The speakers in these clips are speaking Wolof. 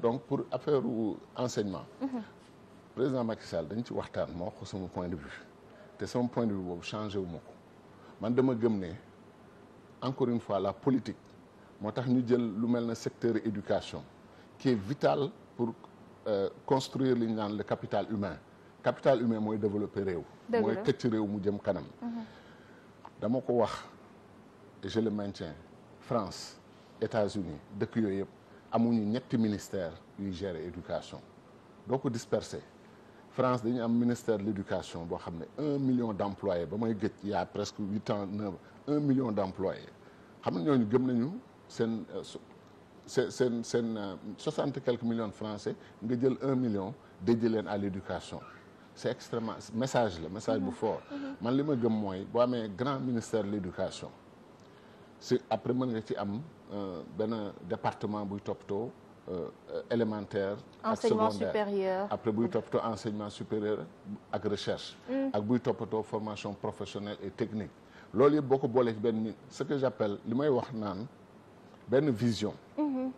donc pour affaire enseignement. Mhm. président Macky Sall dañ ci waxtaan ma wax ko sama point de vue te sama point de vue boobu changé wu ko man dama gëm ne encore une fois la politique moo tax ñu jël lu mel na secteur éducation qui est vital pour euh, construire li ñu naan capital humain capital humain mooy développer réew. mooy tëcc réew mu jëm kanam. Mhm. dama ko wax et je le maintiens France États-Unis dëkk yooyu yëpp. amuñu ñetti ministère yuy gérer éducation doo ko dispersé France dañu am ministère de l'éducation boo xam ne un million d'employés ba may gëj y presque huit ans neuf un million d'employés xam ne ñooñu gëm nañu seen seen seen seen euh, soixante quelques millions de français nga jël un million dédié leen à l'éducation c'est extrêmement message la message bu mhm. fort mhm. man li ma gëm mooy boo amee grand ministère de l'éducation si après mën nga ci am euh, benn département buy toppatoo euh, élémentaire. ak secondaire après buy toppatoo enseignement supérieur ak recherche. Hmm. ak buy toppatoo formation professionnel et technique. loolu yëpp boo ko boolee ci benn ce que j'appelle li may wax naan benn vision. Hmm.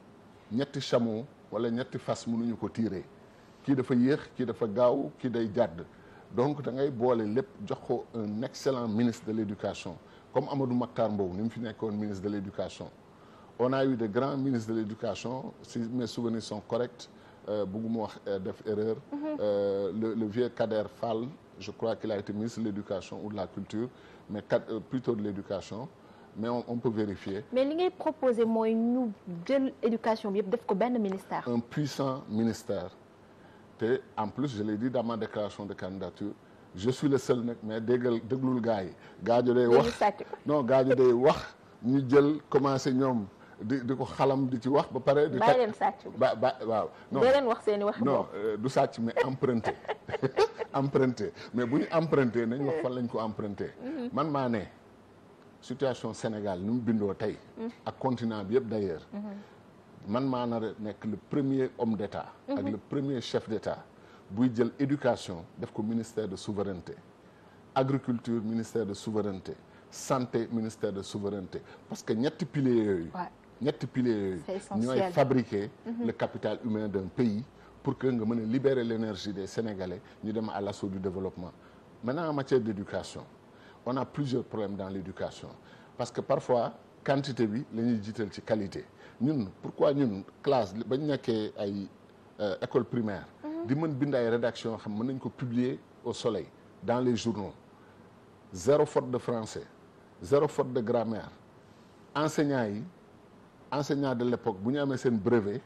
ñetti chameau wala ñetti fas mënuñu ko tirer kii dafa yéex kii dafa gaaw kii day jàdd donc da ngay boole lépp jox ko un excellent ministre de l'éducation. comme Amadou Makhtar Mbow ni mu fi nekkoon ministre de l'éducation on a eu de grands ministres de l'éducation si mes souvenirs sont corrects euh, bugguma wax euh, def erreur mhm. euh, le le vieux Kader Fall je crois qu'il a été ministre de l'éducation ou de la culture mais euh, plutôt de l'éducation mais on, on peut vérifier mais li ngay proposer yëpp def ko benn ministère un te en plus je l'ai dit de candidature je suis le seul nag mais déggal gaa gars yi gaajo day wax no gaajo day wax ñu jël commencé ñoom di di ko xalam di ci wax ba pare di takk leen ba ba waaw non doo wax seeni wax euh, du sàcc mais emprunté emprunté mais bu ñu emprunté nañ wax fan lañ ko emprunté mm-hmm. man maa ne situation Sénégal ni mu bindoo tey mm-hmm. ak continent bi yëpp d'ailleurs mm-hmm. man maa nar nekk le premier homme d'état ak le premier chef d'état buy jël éducation def ko ministère de souveraineté agriculture ministère de souveraineté santé ministère de souveraineté parce que ñetti piliers yooyu ñetti piliers yooyu ñooy fabriquer mhm. le capital humain d'un pays pour que nga mën a libérer l'énergie des Sénégalais ñu dem à l'assaut du développement maintenant en matière d'éducation on a plusieurs problèmes dans l'éducation parce que parfois quantité bi la ñuy jiital ci qualité ñun pourquoi ñun classe bañ nekkee ay euh, école primaire di mën bind ay rédaction yoo xam mën nañ ko publier au soleil dans les journaux zéro faute de français zéro faute de grammaire enseignants yi enseignants de l'époque bu ñu amee seen brevet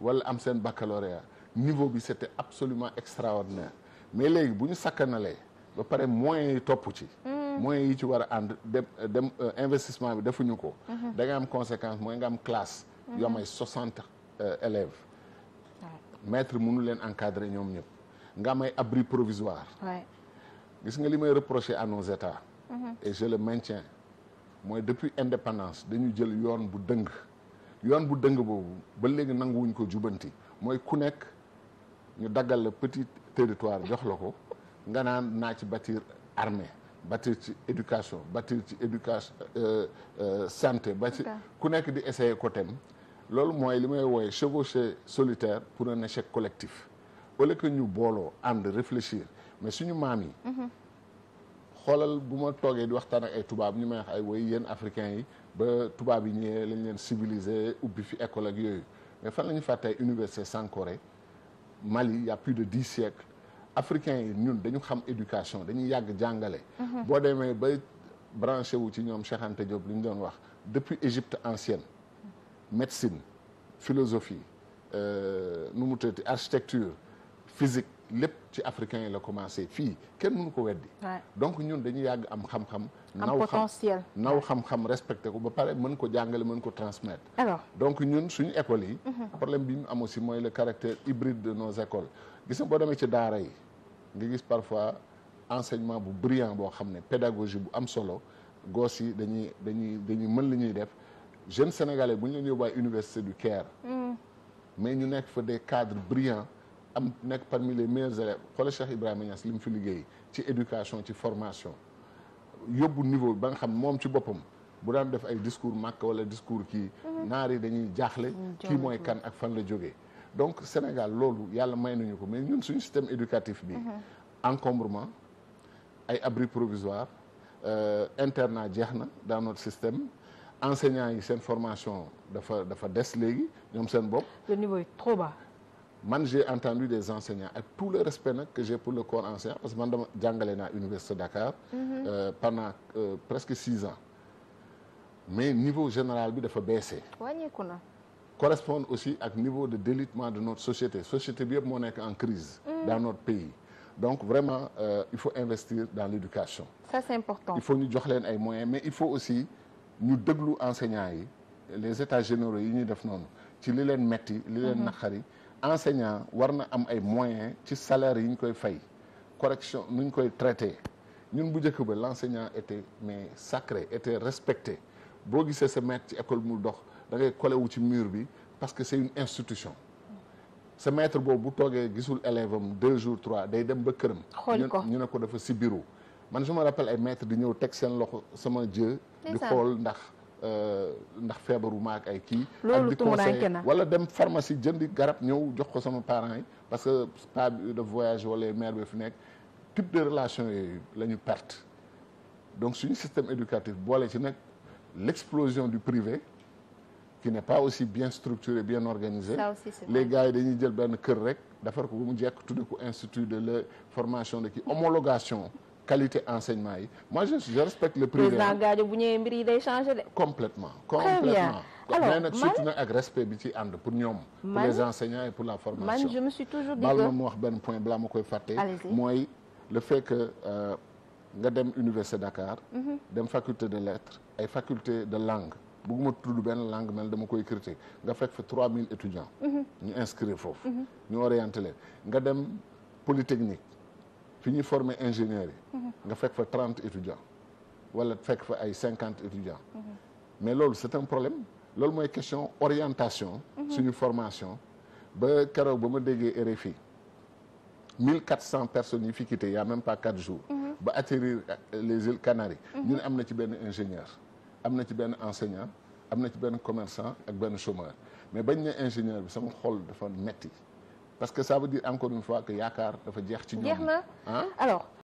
wala am seen baccalauréat niveau bi c'était absolument extraordinaire mais léegi bu ñu sakkanalee ba pare moyens yi topp ci mm. moyens yi ci war a ànd dem dem euh, investissement bi defuñu ko mm-hmm. da am conséquence mooy nga am classe mm-hmm. yoo am ay soixante euh, élèves maître mënu leen encadrer ñoom ñëpp nga am ay abri provisoire gis nga li may reprocher à nos états mhm. et je le maintiens mooy depuis indépendance dañu jël yoon bu dëng yoon bu dëng boobu ba léegi nanguwuñ ko jubbanti mooy ku nekk ñu daggal la petit territoire jox la ko nga naan naa ci bâtir armée bâtir ci éducation bâtir ci éducation euh, euh, santé bâtir ku nekk di essayer côté loolu mooy li may wooye chevaucher solitaire pour un échec collectif au lieu que ñu booloo ànd réfléchir mais suñu maam yi mhm. xoolal bu ma toogee di waxtaan ak ay tubaab ñu may wax ay woy yéen africains yi ba tubaab yi ñëwee lañ leen civilisé ubbi fi école yooyu mais fan la ñu fàtte ay université Sankoré Mali y a plus de dix siècles africains yi ñun dañu xam éducation dañuy yàgg jàngale mhm. boo demee ba branché wu ci ñoom Cheikh Anta Diop li ñu doon wax depuis Égypte ancienne médecine philosophie euh, nu mu tëddee architecture physique lépp ci africain yi la commencé fii kenn mënu ko weddi. donc ñun dañuy yàgg am xam-xam. naw xam naw xam-xam ko ba pare mën ko jàngale mën ko transmettre. donc ñun suñu école yi. Mhm. problème bi mu am si mooy le caractère hybride de nos écoles. gis nga boo demee ci daara yi nga gis parfois enseignement bu brillant boo xam ne pédagogie bu am solo gos yi dañuy dañuy dañuy mën li ñuy def. jeunes sénégalais bu ñu leen yóbbu université du Caire. Mm. mais ñu nekk fa des cadre brillants am nekk parmi les meilleurs élèves xoolal Cheikh Ibrahima Niass li mu fi liggéey ci éducation ci formation yóbbu niveau ba nga xam moom ci boppam bu daan def ay discours màkk wala discours kii mm-hmm. naar yi dañuy jaaxle mm, kii mooy kan ak fan la jógee donc Sénégal loolu yàlla may nañu ko mais ñun suñu système éducatif bi mm-hmm. encombrement ay abri provisoire euh, internat jeex na dans système enseignants yi seen formation dafa dafa des léegi ñoom seen bopp. le niveau est trop bas. man j'ai entendu des enseignants ak tout le respect nag que j'ai pour le corps enseignant jàngale naa université Dakar. Mm -hmm. presque six ans. mais niveau général bi dafa baissé. wàññeeku na. correspond aussi ak niveau de délitement de notre société société bi yëpp moo nekk en crise mm. dans notre pays vraiment euh, il faut investir dans l'éducation il faut ñu jox leen ay moyens mais il faut aussi ñu déglu enseignants yi les états généraux yi ñuy def noonu ci li leen metti li leen mhm. naqari enseignant war na am ay moyens ci salaire yi ñu koy fay correction nu ñu koy traité ñun bu njëkk ba l'enseignant était mais sacré était respecté boo gisee sa maître ci école mu dox da ngay collé wu ci mur bi parce que c'est une institution sa maître boobu bu toogee gisul élève am deux jours trois day dem ba këram ko ñu ne ko dafa si bureau man suma me rappelle ay maître di ñëw teg seen loxo sama jë di xool ndax euh, ndax feebaru maak ay kii ak di conseil wala dem pharmacie jëndi garab ñëw jox ko sama parents yi parce que pas de voyage wala maire bi fi nekk type de relation yi la ñu perte donc suñu système éducatif boole ci nag l'explosion du privé ki ne pas aussi bien structuré bien organisé les gars yi dañuy jël benn kër rek defar ko ba mu jekk tudde ko institut de la formation de kii homologation qualité enseignement yi moi je respecte le privé président bu ñëwee mbir yi day changé de. complètement complètement alors mais nag surtout nag ak respect bi ci ànd pour ñoom. pour les enseignants et pour la formation man je me suis toujours dit ma koy fàtte. mooy le fait que euh, nga dem université Dakar. Mhm. dem faculté de lettres ay faculté de langue. bëgguma tudd benn langue mel dama koy critiquer nga fekk fa 3000 étudiants. Mhm. ñu inscrire foofu. Mhm. ñu orienté leen nga dem polytechnique. fi ñuy former ingénieurs yi nga fekk fa trente étudiants wala fekk fa ay cinquante étudiants mais loolu c'est un problème loolu mooy question orientation suñu formation ba keroog ba ma déggee RFI mille quatre cents personnes yi fi quitté y a même pas quatre jours ba atterrir les îles Canaries ñu ne am na ci benn ingénieur am na ci benn enseignant am na ci benn commerçant ak benn chômeur mais bañ ne ingénieur bi sama xol dafa metti parce que ça veut dire encore une fois que yaakaar dafa jeex. ci ñoom jeex na ah? alors.